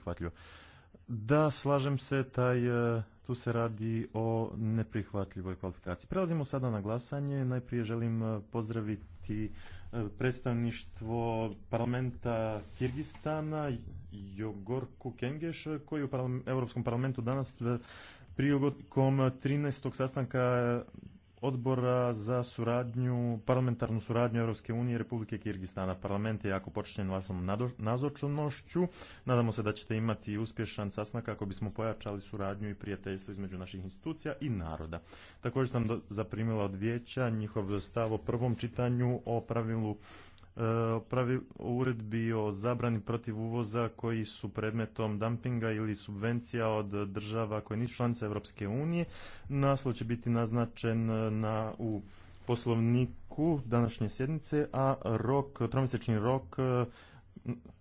prihvatljivo. Da, slažem se, taj, e, tu se radi o neprihvatljivoj kvalifikaciji. Prelazimo sada na glasanje. Najprije želim e, pozdraviti e, predstavništvo parlamenta Kirgistana, Jogorku Kengeš, koji u Europskom parlamentu danas prilogodkom 13. sastanka odbora za suradnju, parlamentarnu suradnju Europske unije i Republike Kirgistana. Parlament je jako počinjen vašom nazočnošću. Nadamo se da ćete imati uspješan sastanak kako bismo pojačali suradnju i prijateljstvo između naših institucija i naroda. Također sam zaprimila od vijeća njihov stav o prvom čitanju o pravilu E, pravi, uredbi o zabrani protiv uvoza koji su predmetom dumpinga ili subvencija od država koje nisu članice Europske unije. Naslov će biti naznačen e, na, u poslovniku današnje sjednice, a rok, tromjesečni rok e,